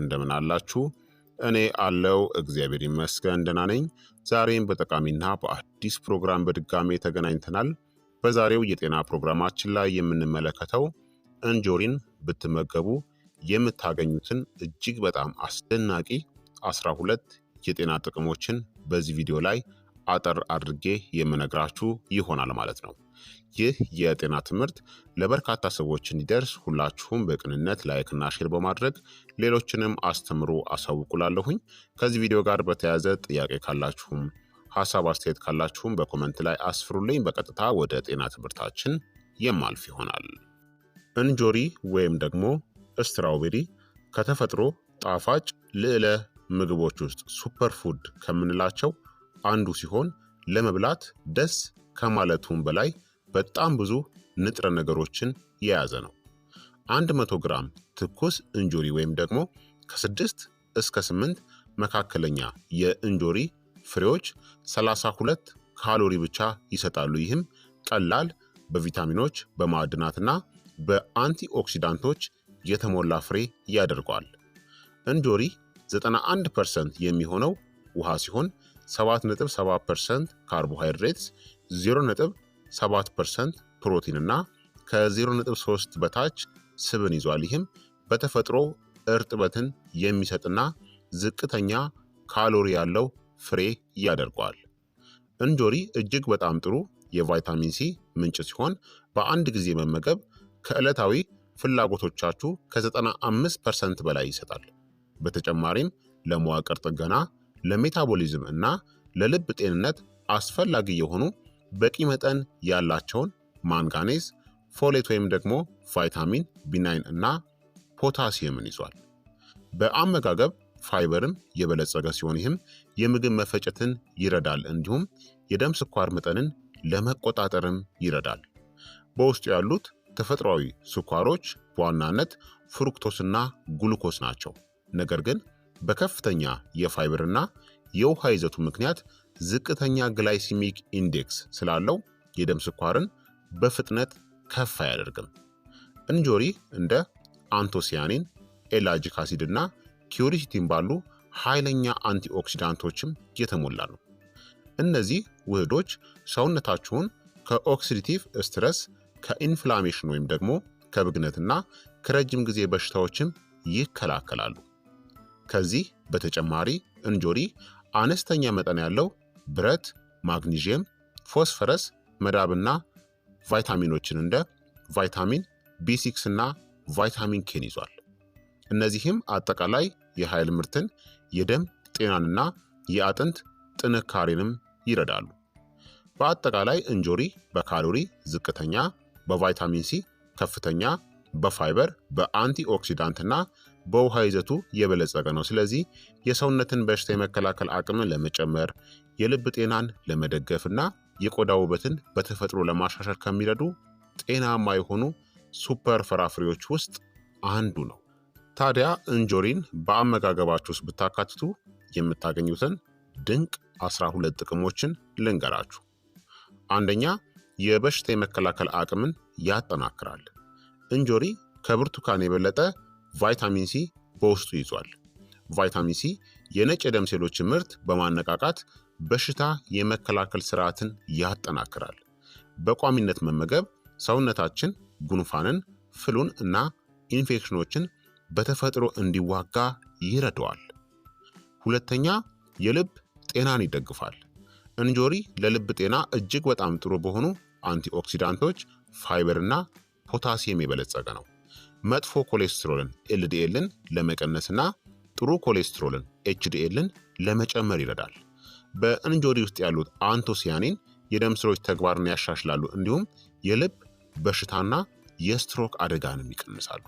እንደምን አላችሁ? እኔ አለው እግዚአብሔር ይመስገን ደህና ነኝ። ዛሬም በጠቃሚና በአዲስ ፕሮግራም በድጋሜ ተገናኝተናል። በዛሬው የጤና ፕሮግራማችን ላይ የምንመለከተው እንጆሪን ብትመገቡ የምታገኙትን እጅግ በጣም አስደናቂ 12 የጤና ጥቅሞችን በዚህ ቪዲዮ ላይ አጠር አድርጌ የምነግራችሁ ይሆናል ማለት ነው። ይህ የጤና ትምህርት ለበርካታ ሰዎች እንዲደርስ ሁላችሁም በቅንነት ላይክና ሼር በማድረግ ሌሎችንም አስተምሩ አሳውቁላለሁኝ። ከዚህ ቪዲዮ ጋር በተያያዘ ጥያቄ ካላችሁም ሀሳብ አስተያየት ካላችሁም በኮመንት ላይ አስፍሩልኝ። በቀጥታ ወደ ጤና ትምህርታችን የማልፍ ይሆናል። እንጆሪ ወይም ደግሞ ስትራውቤሪ ከተፈጥሮ ጣፋጭ ልዕለ ምግቦች ውስጥ ሱፐርፉድ ከምንላቸው አንዱ ሲሆን ለመብላት ደስ ከማለቱም በላይ በጣም ብዙ ንጥረ ነገሮችን የያዘ ነው። 100 ግራም ትኩስ እንጆሪ ወይም ደግሞ ከ ከ6 እስከ 8 መካከለኛ የእንጆሪ ፍሬዎች 32 ካሎሪ ብቻ ይሰጣሉ። ይህም ቀላል በቪታሚኖች በማዕድናትና በአንቲኦክሲዳንቶች የተሞላ ፍሬ ያደርገዋል። እንጆሪ 91 የሚሆነው ውሃ ሲሆን 7.7 ካርቦሃይድሬትስ፣ 0.7 ፕሮቲን እና ከ0.3 በታች ስብን ይዟል። ይህም በተፈጥሮ እርጥበትን የሚሰጥና ዝቅተኛ ካሎሪ ያለው ፍሬ ያደርገዋል። እንጆሪ እጅግ በጣም ጥሩ የቫይታሚን ሲ ምንጭ ሲሆን በአንድ ጊዜ መመገብ ከዕለታዊ ፍላጎቶቻችሁ ከ95 ፐርሰንት በላይ ይሰጣል። በተጨማሪም ለመዋቅር ጥገና ለሜታቦሊዝም እና ለልብ ጤንነት አስፈላጊ የሆኑ በቂ መጠን ያላቸውን ማንጋኔዝ፣ ፎሌት ወይም ደግሞ ቫይታሚን ቢናይን እና ፖታሲየምን ይዟል። በአመጋገብ ፋይበርም የበለጸገ ሲሆን ይህም የምግብ መፈጨትን ይረዳል። እንዲሁም የደም ስኳር መጠንን ለመቆጣጠርም ይረዳል። በውስጡ ያሉት ተፈጥሯዊ ስኳሮች በዋናነት ፍሩክቶስና ጉልኮስ ናቸው። ነገር ግን በከፍተኛ የፋይበርና የውሃ ይዘቱ ምክንያት ዝቅተኛ ግላይሲሚክ ኢንዴክስ ስላለው የደም ስኳርን በፍጥነት ከፍ አያደርግም። እንጆሪ እንደ አንቶሲያኒን፣ ኤላጂክ አሲድ እና ኪዩሪሲቲን ባሉ ኃይለኛ አንቲኦክሲዳንቶችም የተሞላ ነው። እነዚህ ውህዶች ሰውነታችሁን ከኦክሲዲቲቭ ስትረስ፣ ከኢንፍላሜሽን ወይም ደግሞ ከብግነትና ከረጅም ጊዜ በሽታዎችም ይከላከላሉ። ከዚህ በተጨማሪ እንጆሪ አነስተኛ መጠን ያለው ብረት፣ ማግኒዥየም፣ ፎስፈረስ፣ መዳብና ቫይታሚኖችን እንደ ቫይታሚን ቢ6 እና ቫይታሚን ኬን ይዟል። እነዚህም አጠቃላይ የኃይል ምርትን፣ የደም ጤናንና የአጥንት ጥንካሬንም ይረዳሉ። በአጠቃላይ እንጆሪ በካሎሪ ዝቅተኛ፣ በቫይታሚን ሲ ከፍተኛ፣ በፋይበር በአንቲ በውሃ ይዘቱ የበለጸገ ነው። ስለዚህ የሰውነትን በሽታ የመከላከል አቅምን ለመጨመር የልብ ጤናን ለመደገፍና የቆዳ ውበትን በተፈጥሮ ለማሻሻል ከሚረዱ ጤናማ የሆኑ ሱፐር ፍራፍሬዎች ውስጥ አንዱ ነው። ታዲያ እንጆሪን በአመጋገባችሁ ውስጥ ብታካትቱ የምታገኙትን ድንቅ 12 ጥቅሞችን ልንገራችሁ። አንደኛ የበሽታ የመከላከል አቅምን ያጠናክራል። እንጆሪ ከብርቱካን የበለጠ ቫይታሚን ሲ በውስጡ ይዟል። ቫይታሚን ሲ የነጭ የደም ሴሎችን ምርት በማነቃቃት በሽታ የመከላከል ስርዓትን ያጠናክራል። በቋሚነት መመገብ ሰውነታችን ጉንፋንን፣ ፍሉን እና ኢንፌክሽኖችን በተፈጥሮ እንዲዋጋ ይረዳዋል። ሁለተኛ የልብ ጤናን ይደግፋል። እንጆሪ ለልብ ጤና እጅግ በጣም ጥሩ በሆኑ አንቲኦክሲዳንቶች፣ ፋይበር እና ፖታሲየም የበለጸገ ነው። መጥፎ ኮሌስትሮልን ኤልዲኤልን ለመቀነስና ጥሩ ኮሌስትሮልን ኤችዲኤልን ለመጨመር ይረዳል። በእንጆሪ ውስጥ ያሉት አንቶሲያኒን የደም ስሮች ተግባርን ያሻሽላሉ፣ እንዲሁም የልብ በሽታና የስትሮክ አደጋንም ይቀንሳሉ።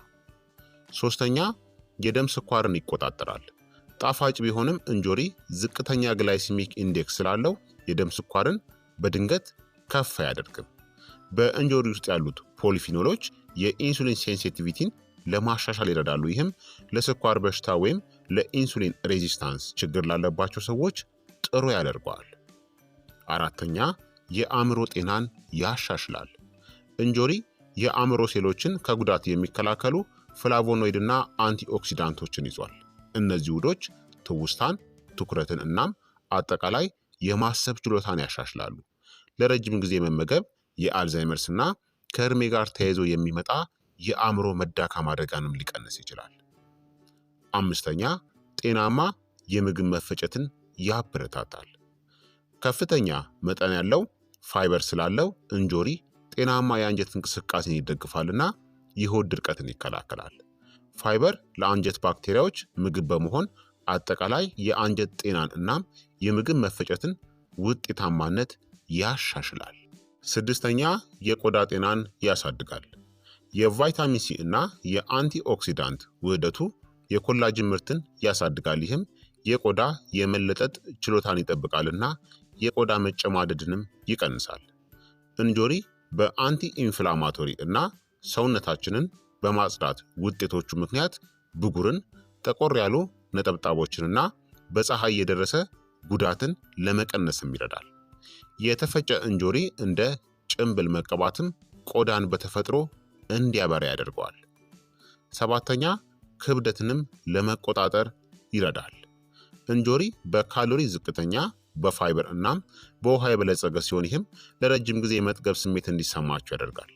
ሶስተኛ የደም ስኳርን ይቆጣጠራል። ጣፋጭ ቢሆንም እንጆሪ ዝቅተኛ ግላይሲሚክ ኢንዴክስ ስላለው የደም ስኳርን በድንገት ከፍ አያደርግም። በእንጆሪ ውስጥ ያሉት ፖሊፊኖሎች የኢንሱሊን ሴንሲቲቪቲን ለማሻሻል ይረዳሉ። ይህም ለስኳር በሽታ ወይም ለኢንሱሊን ሬዚስታንስ ችግር ላለባቸው ሰዎች ጥሩ ያደርገዋል። አራተኛ የአእምሮ ጤናን ያሻሽላል። እንጆሪ የአእምሮ ሴሎችን ከጉዳት የሚከላከሉ ፍላቮኖይድና አንቲኦክሲዳንቶችን ይዟል። እነዚህ ውዶች ትውስታን፣ ትኩረትን እናም አጠቃላይ የማሰብ ችሎታን ያሻሽላሉ። ለረጅም ጊዜ መመገብ የአልዛይመርስና ከእድሜ ጋር ተያይዞ የሚመጣ የአእምሮ መዳካም አደጋንም ሊቀንስ ይችላል። አምስተኛ ጤናማ የምግብ መፈጨትን ያበረታታል። ከፍተኛ መጠን ያለው ፋይበር ስላለው እንጆሪ ጤናማ የአንጀት እንቅስቃሴን ይደግፋልና የሆድ ድርቀትን ይከላከላል። ፋይበር ለአንጀት ባክቴሪያዎች ምግብ በመሆን አጠቃላይ የአንጀት ጤናን እናም የምግብ መፈጨትን ውጤታማነት ያሻሽላል። ስድስተኛ የቆዳ ጤናን ያሳድጋል። የቫይታሚን ሲ እና የአንቲኦክሲዳንት ውህደቱ የኮላጅን ምርትን ያሳድጋል። ይህም የቆዳ የመለጠጥ ችሎታን ይጠብቃልና የቆዳ መጨማደድንም ይቀንሳል። እንጆሪ በአንቲ ኢንፍላማቶሪ እና ሰውነታችንን በማጽዳት ውጤቶቹ ምክንያት ብጉርን፣ ጠቆር ያሉ ነጠብጣቦችንና በፀሐይ የደረሰ ጉዳትን ለመቀነስም ይረዳል። የተፈጨ እንጆሪ እንደ ጭንብል መቀባትም ቆዳን በተፈጥሮ እንዲያበራ ያደርገዋል። ሰባተኛ ክብደትንም ለመቆጣጠር ይረዳል። እንጆሪ በካሎሪ ዝቅተኛ፣ በፋይበር እናም በውሃ የበለጸገ ሲሆን ይህም ለረጅም ጊዜ የመጥገብ ስሜት እንዲሰማቸው ያደርጋል።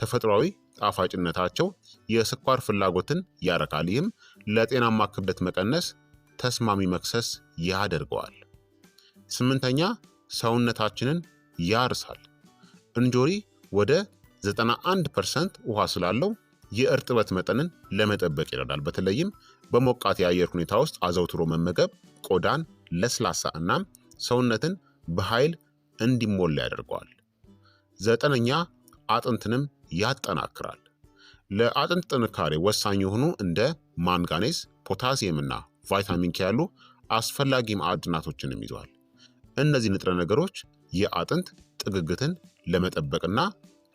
ተፈጥሯዊ ጣፋጭነታቸው የስኳር ፍላጎትን ያረካል። ይህም ለጤናማ ክብደት መቀነስ ተስማሚ መክሰስ ያደርገዋል። ስምንተኛ ሰውነታችንን ያርሳል። እንጆሪ ወደ 91 ፐርሰንት ውሃ ስላለው የእርጥበት መጠንን ለመጠበቅ ይረዳል። በተለይም በሞቃት የአየር ሁኔታ ውስጥ አዘውትሮ መመገብ ቆዳን ለስላሳ እናም ሰውነትን በኃይል እንዲሞላ ያደርገዋል። ዘጠነኛ አጥንትንም ያጠናክራል። ለአጥንት ጥንካሬ ወሳኝ የሆኑ እንደ ማንጋኔዝ፣ ፖታሲየምና ቫይታሚን ኬ ያሉ አስፈላጊ ማዕድናቶችንም ይዟል። እነዚህ ንጥረ ነገሮች የአጥንት ጥግግትን ለመጠበቅና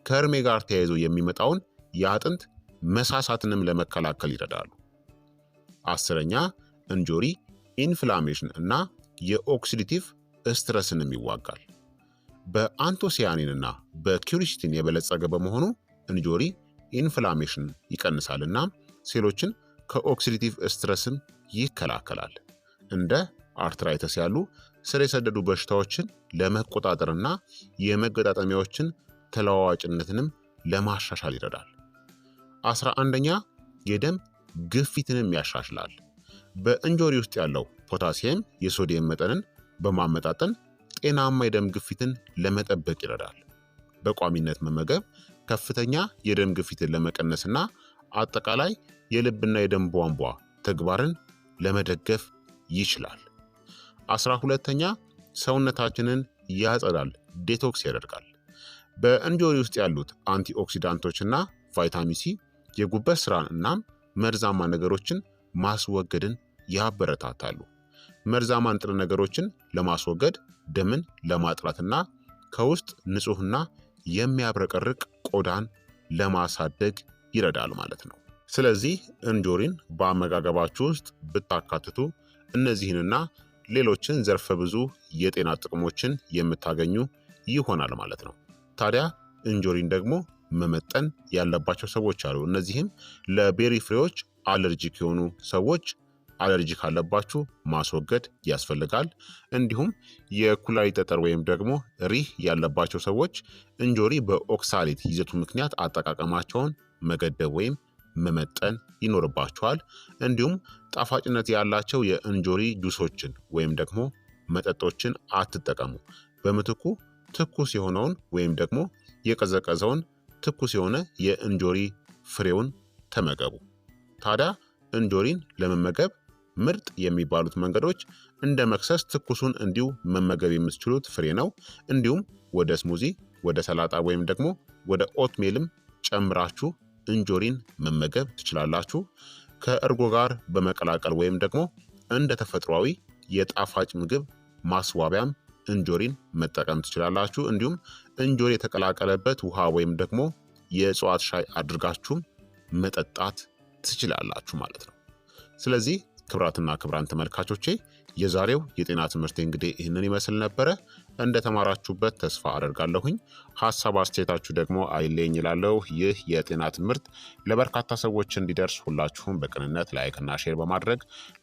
ከእርሜ ጋር ተያይዞ የሚመጣውን የአጥንት መሳሳትንም ለመከላከል ይረዳሉ። አስረኛ እንጆሪ ኢንፍላሜሽን እና የኦክሲዲቲቭ ስትረስንም ይዋጋል። በአንቶሲያኒንና በኪሪሲቲን የበለጸገ በመሆኑ እንጆሪ ኢንፍላሜሽን ይቀንሳል እና ሴሎችን ከኦክሲዲቲቭ ስትረስም ይከላከላል። እንደ አርትራይተስ ያሉ ስር የሰደዱ በሽታዎችን ለመቆጣጠርና የመገጣጠሚያዎችን ተለዋዋጭነትንም ለማሻሻል ይረዳል። አስራ አንደኛ የደም ግፊትንም ያሻሽላል። በእንጆሪ ውስጥ ያለው ፖታሲየም የሶዲየም መጠንን በማመጣጠን ጤናማ የደም ግፊትን ለመጠበቅ ይረዳል። በቋሚነት መመገብ ከፍተኛ የደም ግፊትን ለመቀነስና አጠቃላይ የልብና የደም ቧንቧ ተግባርን ለመደገፍ ይችላል። አስራ ሁለተኛ ሰውነታችንን ያጸዳል፣ ዴቶክስ ያደርጋል። በእንጆሪ ውስጥ ያሉት አንቲኦክሲዳንቶችና ቫይታሚን ሲ የጉበት ስራን እናም መርዛማ ነገሮችን ማስወገድን ያበረታታሉ። መርዛማ ንጥረ ነገሮችን ለማስወገድ ደምን ለማጥራትና ከውስጥ ንጹህና የሚያብረቀርቅ ቆዳን ለማሳደግ ይረዳል ማለት ነው። ስለዚህ እንጆሪን በአመጋገባችሁ ውስጥ ብታካትቱ እነዚህንና ሌሎችን ዘርፈ ብዙ የጤና ጥቅሞችን የምታገኙ ይሆናል ማለት ነው። ታዲያ እንጆሪን ደግሞ መመጠን ያለባቸው ሰዎች አሉ። እነዚህም ለቤሪ ፍሬዎች አለርጂክ የሆኑ ሰዎች አለርጂ ካለባችሁ ማስወገድ ያስፈልጋል። እንዲሁም የኩላሊት ጠጠር ወይም ደግሞ ሪህ ያለባቸው ሰዎች እንጆሪ በኦክሳሌት ይዘቱ ምክንያት አጠቃቀማቸውን መገደብ ወይም መመጠን ይኖርባቸዋል። እንዲሁም ጣፋጭነት ያላቸው የእንጆሪ ጁሶችን ወይም ደግሞ መጠጦችን አትጠቀሙ። በምትኩ ትኩስ የሆነውን ወይም ደግሞ የቀዘቀዘውን ትኩስ የሆነ የእንጆሪ ፍሬውን ተመገቡ። ታዲያ እንጆሪን ለመመገብ ምርጥ የሚባሉት መንገዶች እንደ መክሰስ ትኩሱን እንዲሁ መመገብ የምትችሉት ፍሬ ነው። እንዲሁም ወደ ስሙዚ፣ ወደ ሰላጣ ወይም ደግሞ ወደ ኦትሜልም ጨምራችሁ እንጆሪን መመገብ ትችላላችሁ። ከእርጎ ጋር በመቀላቀል ወይም ደግሞ እንደ ተፈጥሯዊ የጣፋጭ ምግብ ማስዋቢያም እንጆሪን መጠቀም ትችላላችሁ። እንዲሁም እንጆሪ የተቀላቀለበት ውሃ ወይም ደግሞ የእጽዋት ሻይ አድርጋችሁም መጠጣት ትችላላችሁ ማለት ነው። ስለዚህ ክብራትና ክብራን ተመልካቾቼ የዛሬው የጤና ትምህርት እንግዲህ ይህንን ይመስል ነበረ። እንደተማራችሁበት ተስፋ አደርጋለሁኝ። ሀሳብ አስተያየታችሁ ደግሞ አይለኝ ይላለው። ይህ የጤና ትምህርት ለበርካታ ሰዎች እንዲደርስ ሁላችሁም በቅንነት ላይክና ሼር በማድረግ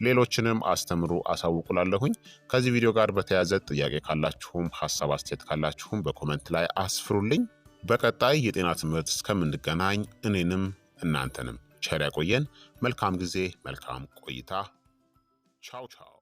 ሌሎችንም አስተምሩ አሳውቁላለሁኝ። ከዚህ ቪዲዮ ጋር በተያያዘ ጥያቄ ካላችሁም ሀሳብ አስተያየት ካላችሁም በኮመንት ላይ አስፍሩልኝ። በቀጣይ የጤና ትምህርት እስከምንገናኝ እኔንም እናንተንም ቸር ያቆየን። መልካም ጊዜ፣ መልካም ቆይታ። ቻው ቻው